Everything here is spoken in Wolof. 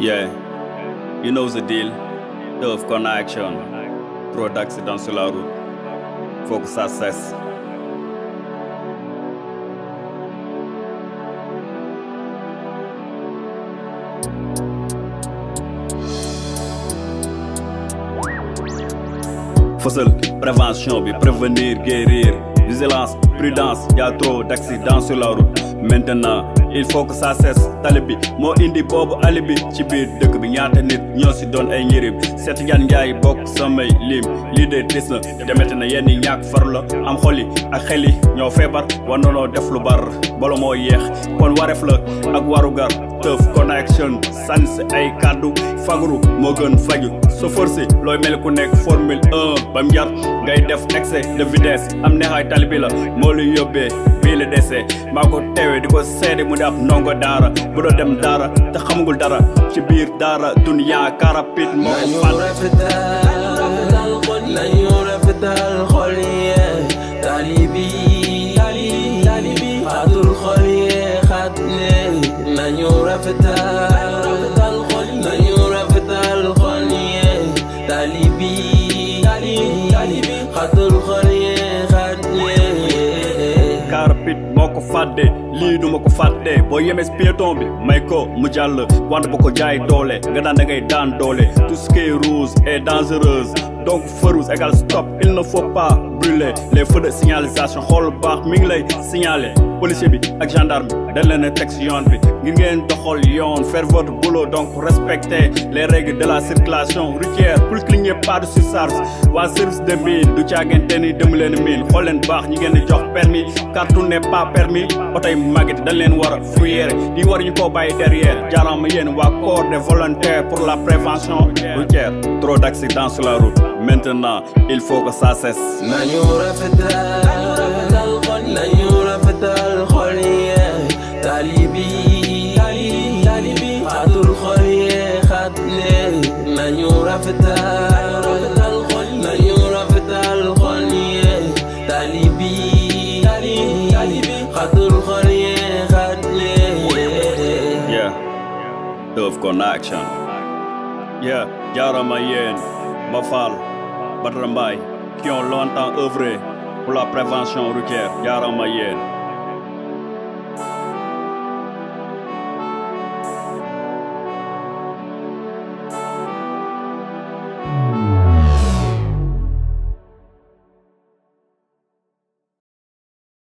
Yeah, you know the deal. Dove connection. Products dans la route. Focus success. Facile, prévention, bi prévenir, guérir. Vigilance, prudence, y a trop d'accidents sur la route. Maintenant, il faut que ça cesse talibi Moi Indie, indi Alibi alibi ci biir dëkk bi ñaata nit ñoo si doon ay samay lim lii de tis na demete na yenn ñàkk faru la am xoli ak xeli ñoo feebar bar bolo moo yeex kon waref la ak connection sans ay kàddu fagru moo gën faju so forcé looy mel ku formule 1 bam jar ngay def excès de vitesse am neexaay talibi la bile dese mako tewe diko sede mu ne nongo dara bu do dem dara te xamugul dara ci bir dara dunya karapit mo fal nañu rafetal talibi talibi talibi talibi xaatul ko fàdde lii duma ko fàtte bo yemes piéton bi may ko mu jàll wante bu ko jaay nga ngay dan dole tout ce qui est rouge est dangereuse donc feu rouge égale stop il ne faut pas brûler les feux de signalisation hol bax mi ngi signaler policier bi ak gendarme bi dañ leen a teg yoon bi ngir ngeen doxal yoon faire votre boulot donc respecter les règles de la circulation routière pour cligner pas de surcharge waa service de mine du caagante ni dem leen miin de leen baax ñi ngeen jox permis carte n'est pas permis permis oto yi màgget dañ leen war a di war ñu koo bàyyi derrière jaram yeen wa corps des volontaires pour la prévention routière trop d'accidents sur la route maintenant il faut que ça cesse nañu rafetal nañu rafetal xol yi talibi talibi xaatul xol ye xaat leen nañu rafetal nañu rafetal xol ye talibi Of connection. Yeah, Yara Mayenne, Mafal, Batrambai, qui ont longtemps œuvré pour la prévention routière. Yara Mayenne.